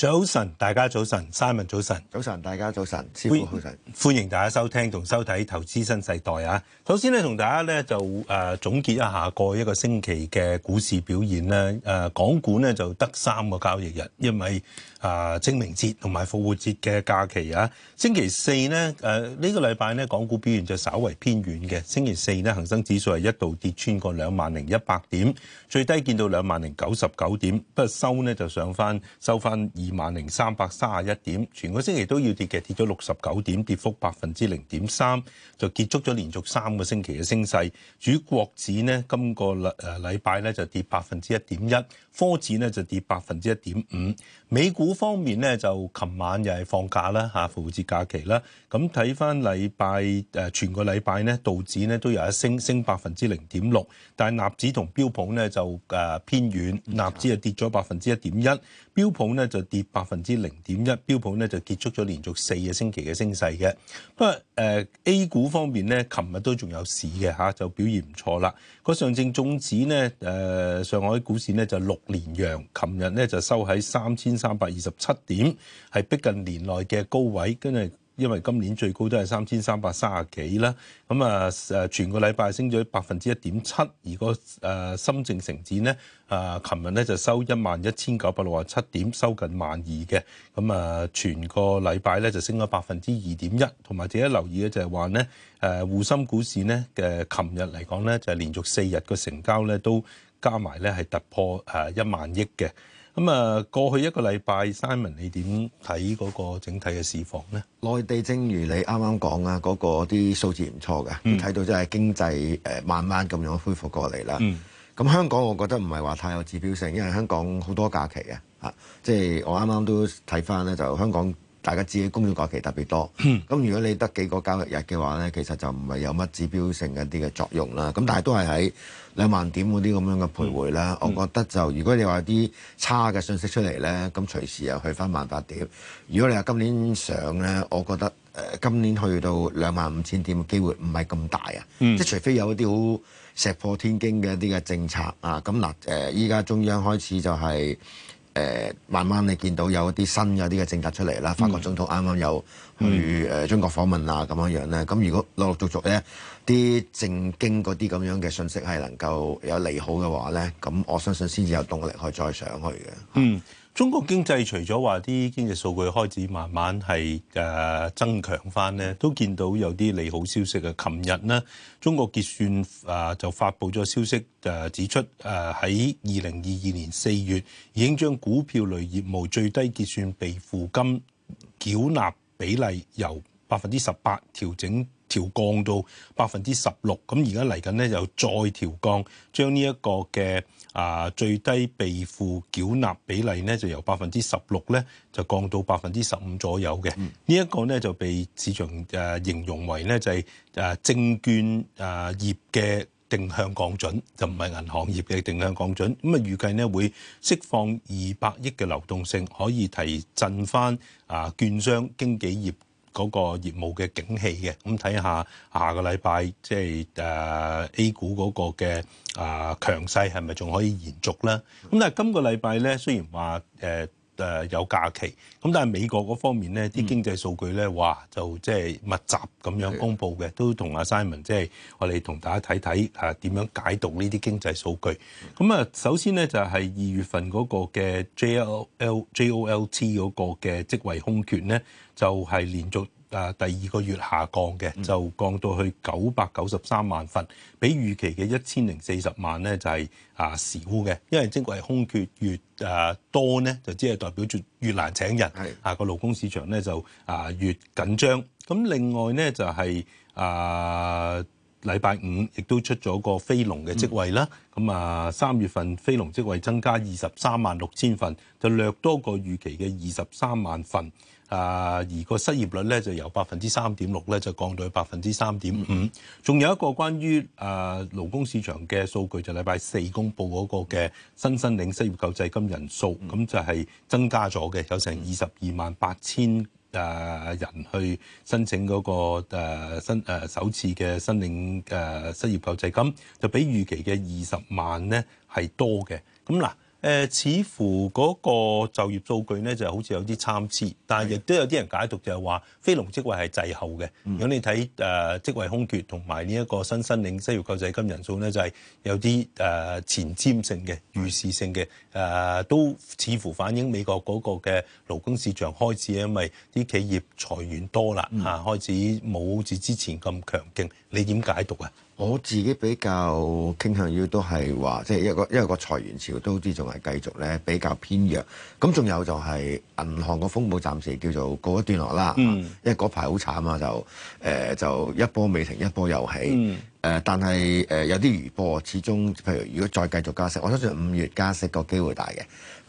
早晨，大家早晨，Simon 早晨，早晨，大家早晨，師傅早晨，歡迎大家收聽同收睇《投資新世代》啊！首先咧，同大家咧就誒、呃、總結一下過一個星期嘅股市表現咧、啊。誒、呃，港股咧就得三個交易日，因為啊、呃、清明節同埋復活節嘅假期啊。星期四咧，誒、呃、呢、這個禮拜咧，港股表現就稍為偏軟嘅。星期四咧，恒生指數係一度跌穿過兩萬零一百點，最低見到兩萬零九十九點。不過收呢，就上翻，收翻二。萬零三百三十一點，全個星期都要跌嘅，跌咗六十九點，跌幅百分之零點三，就結束咗連續三個星期嘅升勢。主國指呢，今個禮誒禮拜呢就跌百分之一點一，科指呢就跌百分之一點五。美股方面呢，就琴晚又係放假啦嚇，復活節假期啦。咁睇翻禮拜誒，全個禮拜呢，道指呢都有一升，升百分之零點六，但係納指同標普呢，就誒偏遠，納指就跌咗百分之一點一，標普呢就跌百分之零點一，標普咧就結束咗連續四個星期嘅升勢嘅。不過誒、呃、A 股方面咧，琴日都仲有市嘅嚇、啊，就表現唔錯啦。個上證綜指咧，誒、呃、上海股市咧就六連揚，琴日咧就收喺三千三百二十七點，係逼近年內嘅高位，跟住。因為今年最高都係三千三百三十幾啦，咁啊誒，全個禮拜升咗百分之一點七，而個誒、啊、深證成指咧，誒琴日咧就收一萬一千九百六十七點，收近萬二嘅，咁啊全個禮拜咧就升咗百分之二點一，同埋值得留意嘅就係話咧，誒滬深股市咧嘅琴日嚟講咧就係連續四日個成交咧都加埋咧係突破誒一萬億嘅。咁啊，過去一個禮拜，Simon 你點睇嗰個整體嘅市況呢？內地正如你啱啱講啊，嗰、嗰個啲數字唔錯嘅，睇、嗯、到真係經濟誒、呃、慢慢咁樣恢復過嚟啦。咁、嗯、香港我覺得唔係話太有指標性，因為香港好多假期啊。嚇，即係我啱啱都睇翻咧，就香港。大家知嘅公眾假期特別多，咁、嗯、如果你得幾個交易日嘅話呢，其實就唔係有乜指標性嘅啲嘅作用啦。咁但係都係喺兩萬點嗰啲咁樣嘅徘徊啦。嗯、我覺得就如果你話啲差嘅信息出嚟呢，咁隨時又去翻萬八點。如果你話今年上呢，我覺得誒、呃、今年去到兩萬五千點嘅機會唔係咁大啊，即係、嗯、除非有一啲好石破天驚嘅一啲嘅政策啊。咁嗱誒，依、呃、家中央開始就係、是。誒慢慢你見到有一啲新有啲嘅政策出嚟啦，嗯、法國總統啱啱有去誒中國訪問啊咁、嗯、樣樣咧，咁如果陸陸續續咧啲政經嗰啲咁樣嘅信息係能夠有利好嘅話咧，咁我相信先至有動力可以再上去嘅。嗯。中國經濟除咗話啲經濟數據開始慢慢係誒增強翻呢，都見到有啲利好消息嘅。琴日呢，中國結算誒就發布咗消息誒，指出誒喺二零二二年四月已經將股票類業務最低結算備付金繳納比例由百分之十八調整。調降到百分之十六，咁而家嚟緊咧就再調降，將呢一個嘅啊最低備付繳納比例咧就由百分之十六咧就降到百分之十五咗右嘅。呢一、嗯、個咧就被市場誒形容為咧就係誒證券誒業嘅定向降準，就唔係銀行業嘅定向降準。咁啊預計咧會釋放二百億嘅流動性，可以提振翻啊券商經紀業。嗰個業務嘅景氣嘅，咁睇下下個禮拜即係誒、呃、A 股嗰個嘅誒、呃、強勢係咪仲可以延續咧？咁但係今個禮拜咧，雖然話誒、呃誒有假期，咁但係美國嗰方面咧，啲經濟數據咧，哇就即係密集咁樣公布嘅，的都同阿 Simon 即係我哋同大家睇睇吓點樣解讀呢啲經濟數據。咁啊的，首先咧就係、是、二月份嗰個嘅 J O L J O L T 嗰個嘅職位空缺咧，就係、是、連續。誒、啊、第二個月下降嘅，就降到去九百九十三萬份，比預期嘅一千零四十萬咧就係、是、啊少嘅。因為即係空缺越誒、啊、多咧，就只係代表住越難請人，的啊個勞工市場咧就啊越緊張。咁另外咧就係、是、啊。禮拜五亦都出咗個非農嘅職位啦，咁啊三月份非農職位增加二十三萬六千份，就略多過預期嘅二十三萬份。啊，而個失業率咧就由百分之三點六咧就降到去百分之三點五。仲、嗯、有一個關於啊勞工市場嘅數據，就禮拜四公佈嗰個嘅新申領失業救濟金人數，咁、嗯、就係增加咗嘅，有成二十二萬八千。誒、呃、人去申請嗰、那個誒、呃、新、呃、首次嘅申領誒、呃、失業救濟金，就比預期嘅二十萬咧係多嘅，咁、嗯、嗱。誒、呃，似乎嗰個就業數據咧，就好似有啲參差，但係亦都有啲人解讀就係話，非農職位係滯後嘅。嗯、如果你睇誒、呃、職位空缺同埋呢一個新申領失業救濟金人數咧，就係、是、有啲誒、呃、前瞻性嘅預示性嘅。誒、呃、都似乎反映美國嗰個嘅勞工市場開始，因為啲企業裁員多啦嚇、嗯啊，開始冇好似之前咁強勁。你點解讀啊？我自己比較傾向於都係話，即係一個因為個裁員潮都好似仲係繼續咧，比較偏弱。咁仲有就係銀行個風暴暫時叫做告一段落啦。嗯、因為嗰排好慘啊，就誒就一波未停一波又起。嗯誒、呃，但係誒、呃、有啲餘波始終，譬如如果再繼續加息，我相信五月加息個機會大嘅。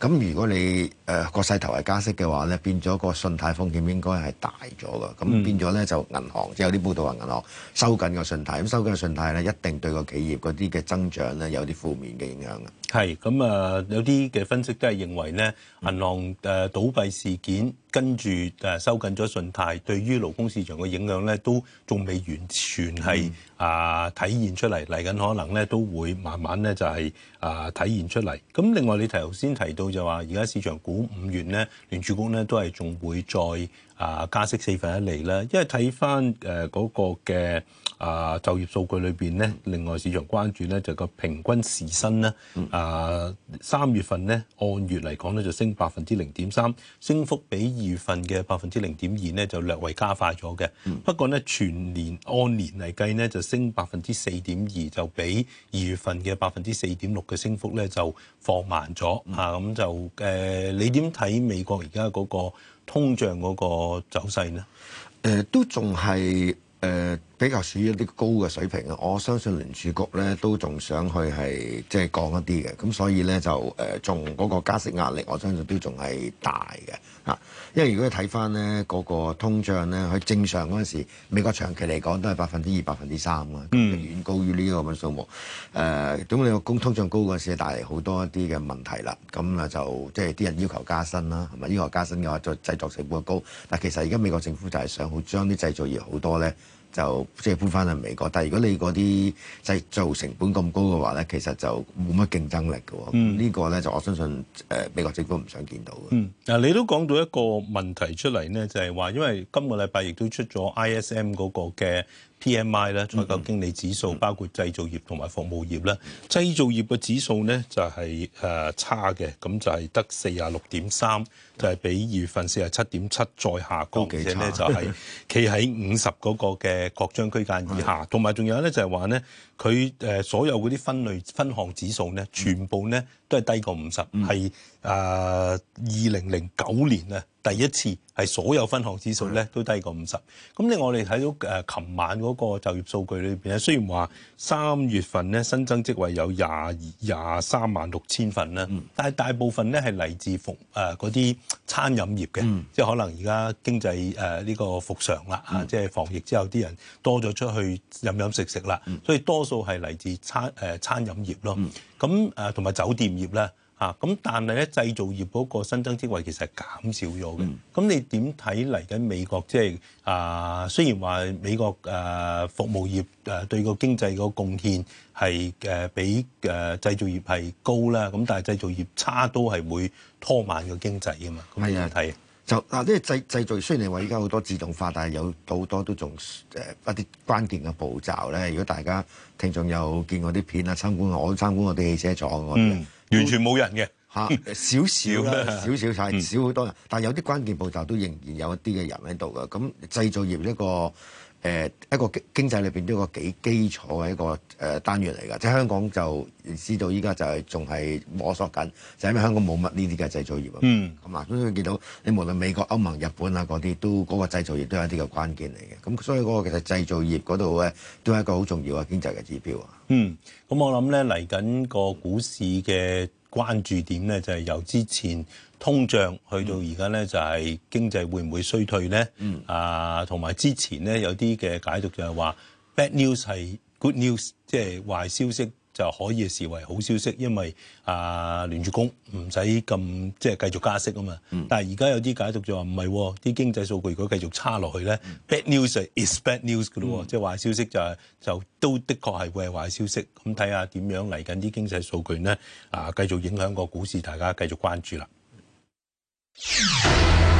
咁如果你誒個勢頭係加息嘅話咧，變咗個信貸風險應該係大咗嘅。咁變咗咧就銀行，即係有啲報道話銀行收緊個信貸，咁收緊個信貸咧，一定對個企業嗰啲嘅增長咧有啲負面嘅影響嘅。係，咁啊、呃、有啲嘅分析都係認為咧，銀行誒倒閉事件。跟住誒收緊咗信貸對於勞工市場嘅影響咧，都仲未完全係啊、呃、體現出嚟，嚟緊可能咧都會慢慢咧就係、是、啊、呃、體現出嚟。咁另外你頭先提到就話而家市場估五月咧聯儲局咧都係仲會再啊、呃、加息四分一厘啦，因為睇翻誒嗰個嘅啊、呃、就業數據裏邊咧，另外市場關注咧就是、個平均時薪啦，啊、呃、三月份咧按月嚟講咧就升百分之零點三，升幅比。二月份嘅百分之零點二咧，就略為加快咗嘅。不過咧，全年按年嚟計咧，就升百分之四點二，就比二月份嘅百分之四點六嘅升幅咧就放慢咗啊。咁就誒、呃，你點睇美國而家嗰個通脹嗰個走勢呢？誒、呃，都仲係。誒、呃、比較屬於一啲高嘅水平啊！我相信聯儲局咧都仲想去係即係降一啲嘅，咁所以咧就誒仲嗰個加息壓力，我相信都仲係大嘅嚇。因為如果你睇翻咧嗰個通脹咧，佢正常嗰陣時，美國長期嚟講都係百分之二、百分之三啦，嗯、遠高於呢個咁嘅數目。誒、呃，咁你個通脹高嗰陣時，帶嚟好多一啲嘅問題啦。咁啊就即係啲人要求加薪啦，係咪？要求加薪嘅話，再製作成本高。但其實而家美國政府就係想好將啲製造業好多咧。就即係搬翻去美國，但係如果你嗰啲製造成本咁高嘅話咧，其實就冇乜競爭力㗎喎。呢個咧就我相信誒美國政府唔想見到嘅。嗯，嗱，你都講到一個問題出嚟咧，就係話因為今個禮拜亦都出咗 ISM 嗰個嘅。P.M.I. 咧採購經理指數，嗯、包括製造業同埋服務業咧。製造業嘅指數咧就係誒差嘅，咁就係得四啊六點三，就係、是、比二月份四啊七點七再下降，幾而且咧就係企喺五十嗰個嘅擴張區間以下。同埋仲有咧就係話咧，佢誒所有嗰啲分類分項指數咧，全部咧都係低過五十，係誒二零零九年啊。第一次係所有分行指數咧都低過五十，咁咧我哋睇到誒琴、呃、晚嗰個就業數據裏邊咧，雖然話三月份咧新增職位有廿二廿三萬六千份啦，嗯、但係大部分咧係嚟自服誒嗰啲餐飲業嘅、嗯呃這個啊，即係可能而家經濟誒呢個復常啦嚇，即係防疫之後啲人多咗出去飲飲食食啦，喝喝吃吃嗯、所以多數係嚟自餐誒、呃、餐飲業咯，咁誒同埋酒店業咧。啊，咁但係咧製造業嗰個新增職位其實係減少咗嘅，咁、嗯、你點睇嚟緊美國即係啊？雖然話美國誒、呃、服務業誒對個經濟個貢獻係誒、呃、比誒、呃、製造業係高啦，咁但係製造業差都係會拖慢個經濟㗎嘛，咁你點睇？嗱，呢啲製製造雖然你話而家好多自動化，但係有好多都仲誒、呃、一啲關鍵嘅步驟咧。如果大家聽眾有見我啲片啊，參觀我參觀我哋汽車廠嗰、嗯、有完全冇人嘅嚇、啊，少少少少，但少好多人。但係有啲關鍵步驟都仍然有一啲嘅人喺度嘅。咁製造業呢、呢個。誒一個經經濟裏邊一個幾基礎嘅一個誒單元嚟㗎。即係香港就知道依家就係仲係摸索緊，就係、因為香港冇乜呢啲嘅製造業啊。嗯，咁啊、嗯，所以見到你無論美國、歐盟、日本啊嗰啲，都嗰、嗰個製造業都有一啲嘅關鍵嚟嘅。咁所以嗰個其實製造業嗰度咧，都係一個好重要嘅經濟嘅指標啊。嗯，咁我諗咧嚟緊個股市嘅。關注點咧就係由之前通脹去到而家咧就係經濟會唔會衰退咧？嗯、啊，同埋之前咧有啲嘅解讀就係話 bad news 係 good news，即係壞消息，就可以視為好消息，因為啊聯儲局唔使咁即係繼續加息啊嘛。嗯、但係而家有啲解讀就話唔係喎，啲、哦、經濟數據如果繼續差落去咧、嗯、bad news is bad news 嘅咯、嗯、即係壞消息就係、是、就都的確係會係壞消息。咁、嗯、睇下點樣嚟緊啲經濟數據咧啊，繼、呃、續影響個股市，大家繼續關注啦。嗯